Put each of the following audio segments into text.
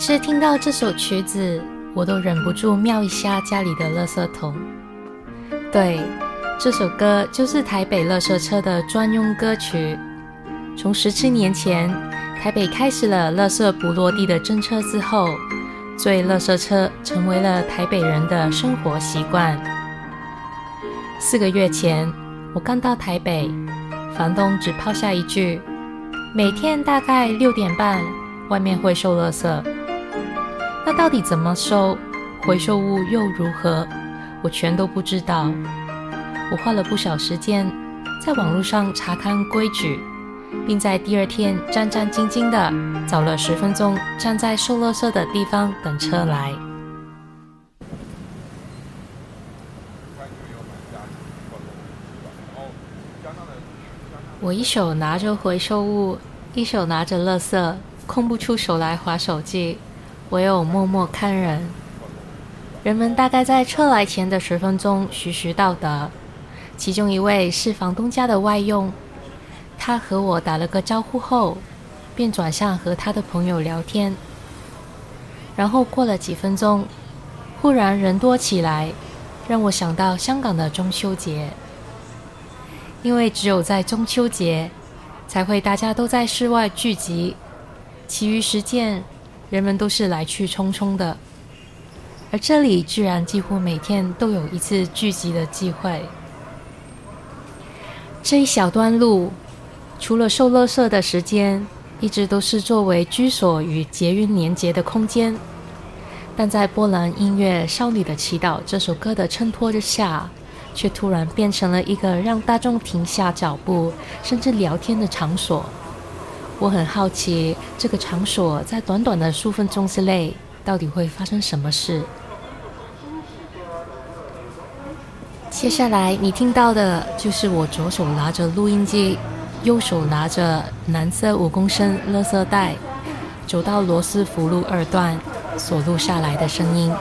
每次聽到這首曲子，我都忍不住瞄一下家裡的垃圾桶。對，這首歌就是台北垃圾車的專用歌曲。從十七年前台北開始了垃圾不落地的政策之後，所以垃圾車成為了台北人的生活習慣。四個月前我剛到台北，房東只拋下一句：「每天大概六點半，外面會收垃圾。」那到底怎麼收？回收物又如何？我全都不知道。我花了不少時間在網絡上查看規矩，並在第二天戰戰兢兢地找了十分鐘，站在收垃圾的地方等車來。 我一手拿着回收物，一手拿着垃圾，空不出手來滑手機。唯有默默看人。人們大概在車來前的十分鐘徐徐到達，其中一位是房東家的外傭，他和我打了個招呼後，便轉向和他的朋友聊天。然後過了幾分鐘，忽然人多起來，讓我想到香港的中秋節，因為只有在中秋節，才會大家都在室外聚集，其餘時間，人們都是來去匆匆的，而這裡居然幾乎每天都有一次聚集的機會。這一小段路，除了倒垃圾的時間，一直都是作為居所與捷運連接的空間，但在波蘭音樂少女的祈禱這首歌的襯托之下，卻突然變成了一個讓大眾停下腳步，甚至聊天的場所。我很好奇，這個場所在短短的數分鐘之內，到底會發生什麼事？接下來你聽到的，就是我左手拿着錄音機，右手拿着藍色五公升垃圾袋，走到羅斯福路二段所錄下來的聲音。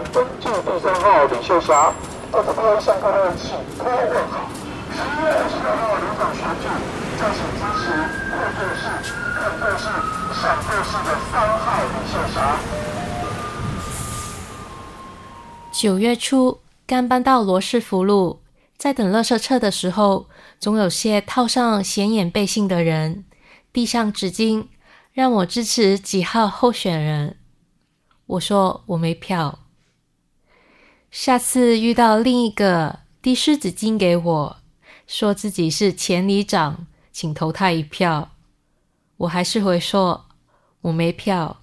第三號李秀霞，二十八上課月十號請支持省的三號李秀霞。九月初剛搬到羅斯福路，在等垃圾車的時候，總有些套上顯眼背心的人遞上紙巾，讓我支持幾號候選人。我說我沒票。下次遇到另一個遞濕紙巾給我，說自己是前里長，請投他一票，我還是會說我沒票。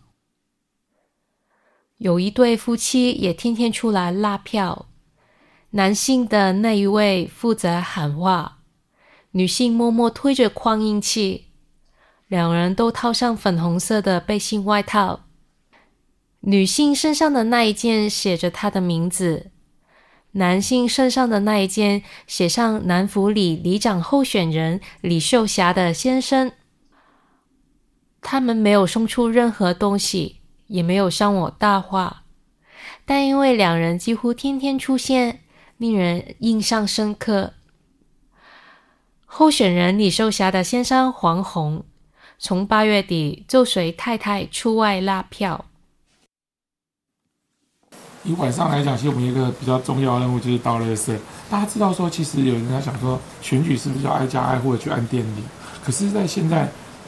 有一對夫妻也天天出來拉票，男性的那一位負責喊話，女性默默推着擴音器，兩人都套上粉紅色的背心外套。女性身上的那一件寫着她的名字，男性身上的那一件寫上“南福里里長候選人李秀霞的先生”。他們沒有送出任何東西，也沒有向我搭話，但因為兩人幾乎天天出現，令人印象深刻。候選人李秀霞的先生黃弘，從八月底就隨太太出外拉票。以晚上來講，其實我們一個比較重要的任務就是倒垃圾。大家知道說，其實有人在想說，選舉是不是要挨家挨戶的去按電鈴？可是，在現在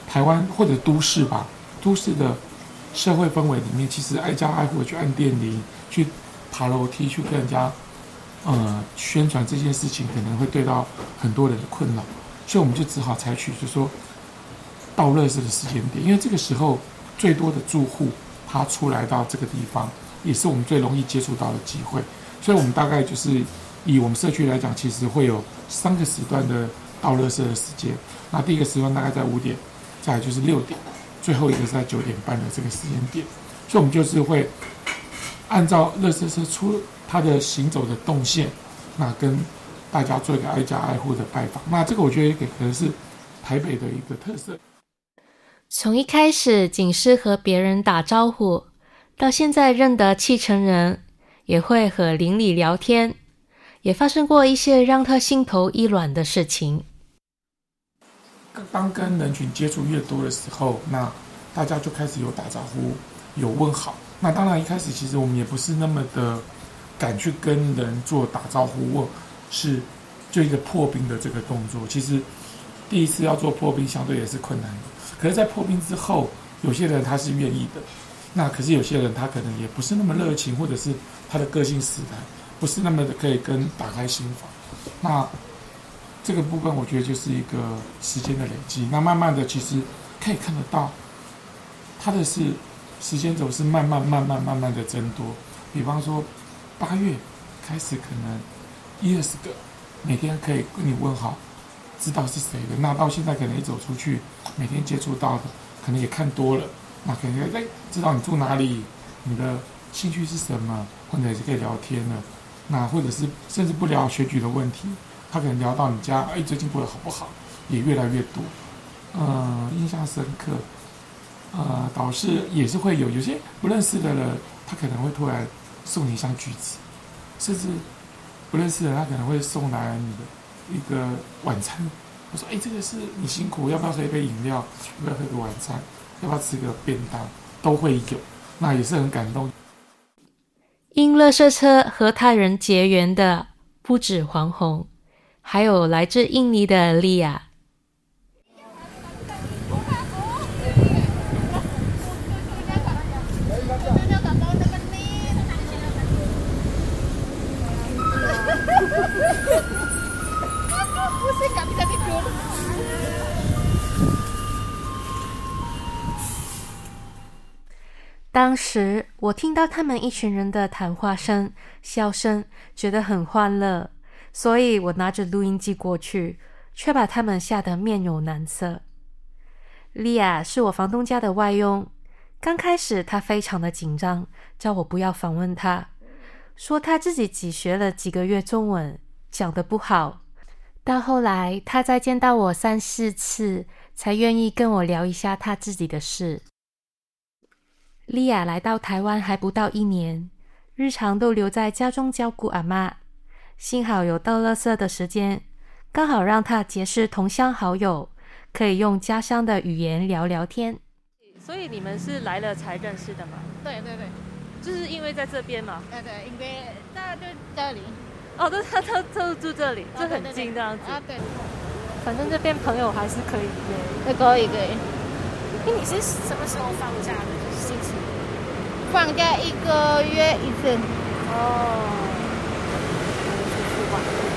台灣或者都市吧，都市的社會氛圍裡面，其實挨家挨戶的去按電鈴、去爬樓梯、去跟人家呃宣傳這件事情，可能會對到很多人的困擾。所以，我們就只好採取就是說倒垃圾的時間點，因為這個時候最多的住戶他出來到這個地方。也是我們最容易接觸到的機會，所以我們大概就是以我們社區來講，其實會有三個時段的倒垃圾的時間。那第一個時段大概在五點，再就是六點，最後一個在九點半的這個時間點。所以我們就是會按照垃圾車出它的行走的動線，那跟大家做一個挨家挨戶的拜訪。那這個我覺得也可能是台北的一個特色。從一開始，僅是和別人打招呼。到現在認得七成人，也會和鄰里聊天，也發生過一些讓他心頭一亂的事情。當跟人群接觸越多的時候，那大家就開始有打招呼、有問好。那當然，一開始其實我們也不是那麼的敢去跟人做打招呼、問，是就一個破冰的這個動作。其實第一次要做破冰，相對也是困難的。可是，在破冰之後，有些人他是願意的。那可是有些人他可能也不是那麼熱情，或者是他的個性使然，不是那麼的可以跟打開心房。那這個部分我覺得就是一個時間的累積。那慢慢的其實可以看得到，他的是時間總是慢慢慢慢慢慢的增多。比方說八月開始可能一二十個每天可以跟你問好，知道是誰的。那到現在可能一走出去每天接觸到的可能也看多了。那可能哎，知道你住哪裡，你的興趣是什麼，或者也是可以聊天的。那或者是甚至不聊選舉的問題，他可能聊到你家哎，最近過得好不好？也越來越多。嗯、呃，印象深刻。呃，導師也是會有，有些不認識的人，他可能會突然送你一箱橘子，甚至不認識的人，他可能會送來你的一個晚餐。我說哎，這個是你辛苦，要不要喝一杯飲料？要不要喝個晚餐？要不要吃個便當，都會有，那也是很感動。因垃圾車和他人結緣的不止黃弘，還有來自印尼的莉亞。當時我聽到他們一群人的談話聲、笑聲，覺得很歡樂，所以我拿着錄音機過去，卻把他們嚇得面有難色。莉亞是我房東家的外傭，剛開始她非常的緊張，叫我不要訪問她，說她自己只學了幾個月中文，講得不好。到後來，她再見到我三四次，才願意跟我聊一下她自己的事。莉亞來到台灣還不到一年，日常都留在家中照顧阿嬤。幸好有倒垃圾的時間，剛好讓她結識同鄉好友，可以用家鄉的語言聊聊天。所以你們是來了才認識的嗎？對對對，就是因為在這邊嘛。對，對對，應該大家就這裡。哦，都他他都，都住這裡，就很近這樣子。啊對，對，對，啊對反正這邊朋友還是可以的。再高一個。哎以、欸，你是什麼時候放假的？就是星期。放假一個月一次，哦，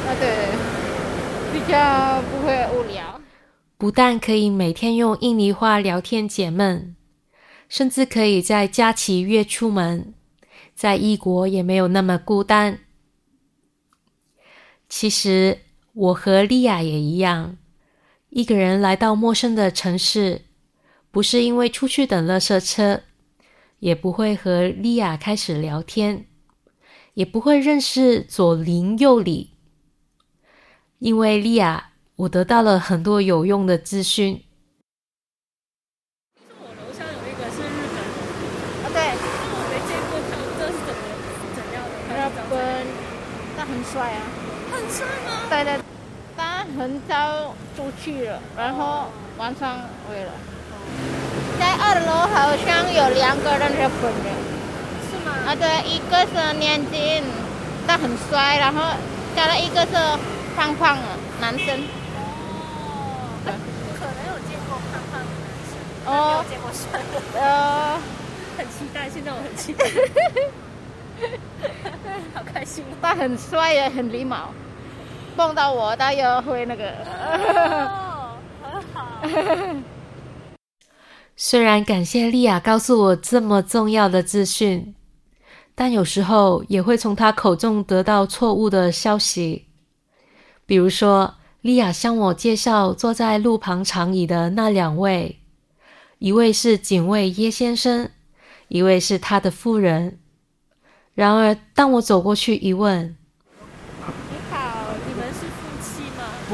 那對，比較不會無聊。不但可以每天用印尼話聊天解悶，甚至可以在假期約出門，在異國也沒有那麼孤單。其實我和莉亞也一樣，一個人來到陌生的城市，不是因為出去等垃圾車，也不會和莉亞開始聊天，也不會認識左鄰右里，因為莉亞，我得到了很多有用的資訊。聽說我樓下有一個是日本人，啊、oh, 對，我沒見過他們是怎麼怎樣的，他要的，他很帥啊。很帥嗎？在那，他很早出去了，然後晚上回來，oh. 在二樓好像。有兩個人是日本的，是嗎？啊，對，一個是年輕，但很帥，然後加了一個是胖胖的男生。哦、啊，可能有見過胖胖的男生，沒有見過帥的。呃、哦， 很期待，現在我很期待， 好開心。他很帥也，很禮貌，碰到我，他又會那個。哦，很好。雖然感謝莉亞告訴我這麼重要的資訊，但有時候也會從她口中得到錯誤的消息。比如說，莉亞向我介紹坐在路旁長椅的那兩位，一位是警衛葉先生，一位是他的夫人。然而，當我走過去一問，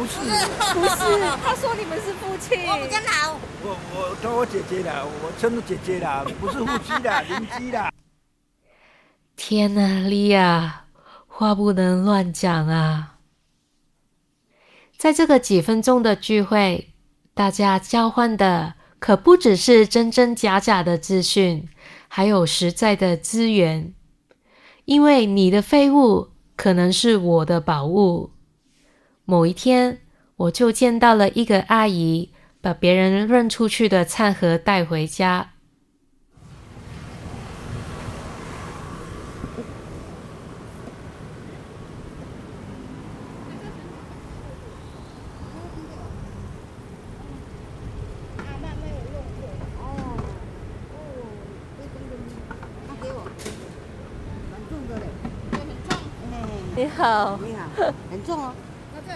不是，不是， 他說你們是夫妻。我不跟老。我我當我姐姐的，我稱作姐姐的，不是夫妻的，鄰居的。天哪，Lia，話不能亂講啊！在這個幾分鐘的聚會，大家交換的可不只是真真假假的資訊，還有實在的資源。因為你的廢物可能是我的寶物。某一天，我就見到了一個阿姨，把別人扔出去的餐盒帶回家。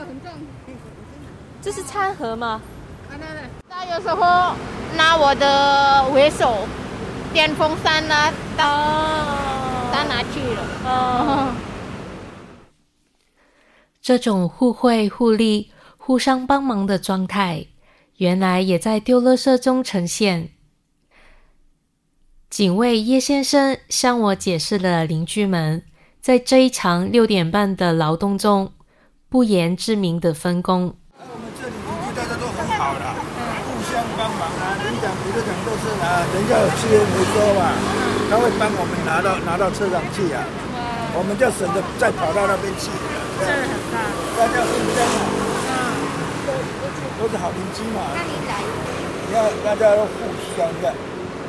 很重，這是餐盒嗎？啊、那有時候拿我的圍手，電風扇拿到，拿、哦、哪去了？哦。嗯、這種互惠互利、互相幫忙的狀態，原來也在丟垃圾中呈現。警衛葉先生向我解釋了鄰居們在這一場六點半的勞動中。不言之明的分工、啊。我們這裡工具大家都很好了，互相幫忙啊！你講不個講都是啊？人家有資源沒多嘛，他、嗯、會幫我們拿到拿到車上去啊，嗯、我們就省得再跑到那邊去。這個很大，大家互相。啊、嗯，都是好鄰居嘛。那你講，大家都互相的，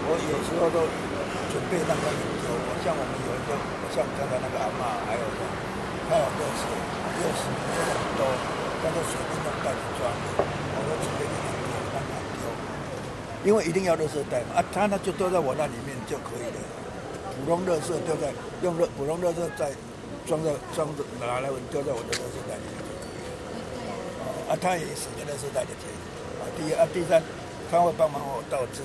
我有時候都準備那個，有時候我像我們有一個，像剛才那個阿媽，還有。他有六十，六十年真很多，那個水碧”的袋子裝的，我都準備一點一點幫他丟，因為一定要垃圾袋嘛啊，他呢就丟在我那裡面就可以的，普通垃圾丟在用熱普通垃圾在裝在裝着拿來丟在我的垃圾袋裡，面就可以了啊，他也省了垃圾袋的錢，啊，第一啊第三，他會幫忙我到這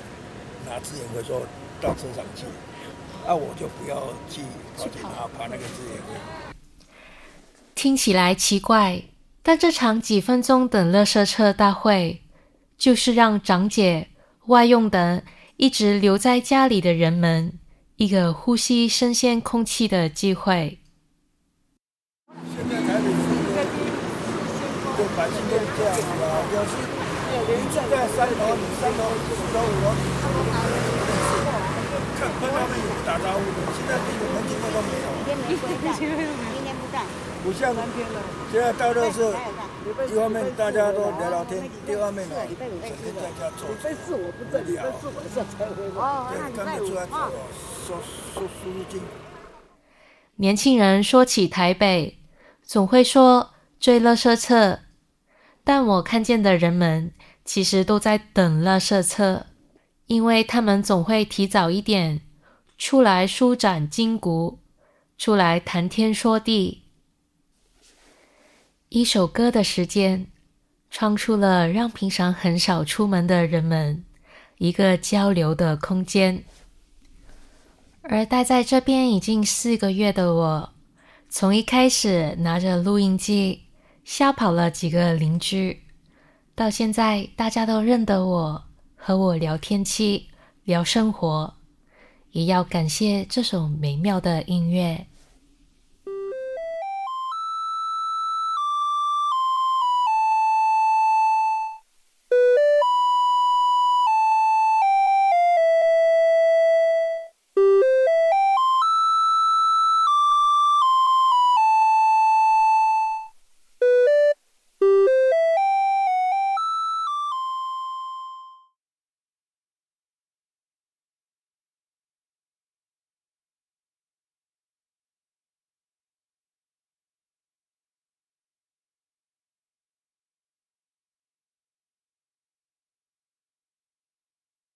拿資源的時候，到車上去，那、啊、我就不要去跑去拿把那個資源聽起來奇怪，但這場幾分鐘等垃圾車大會，就是讓長照外傭的一直留在家裡的人們，一個呼吸新鮮空氣的機會。不像現在到是，是，地方面大家都聊聊天，面家在。你年輕人說起台北，總會說追垃圾車，但我看見的人們其實都在等垃圾車，因為他們總會提早一點出來舒展筋骨。出來談天說地，一首歌的時間，創出了讓平常很少出門的人們一個交流的空間。而待在這邊已經四個月的我，從一開始拿着錄音機嚇跑了幾個鄰居，到現在大家都認得我，和我聊天氣，聊生活。也要感謝這首美妙的音樂。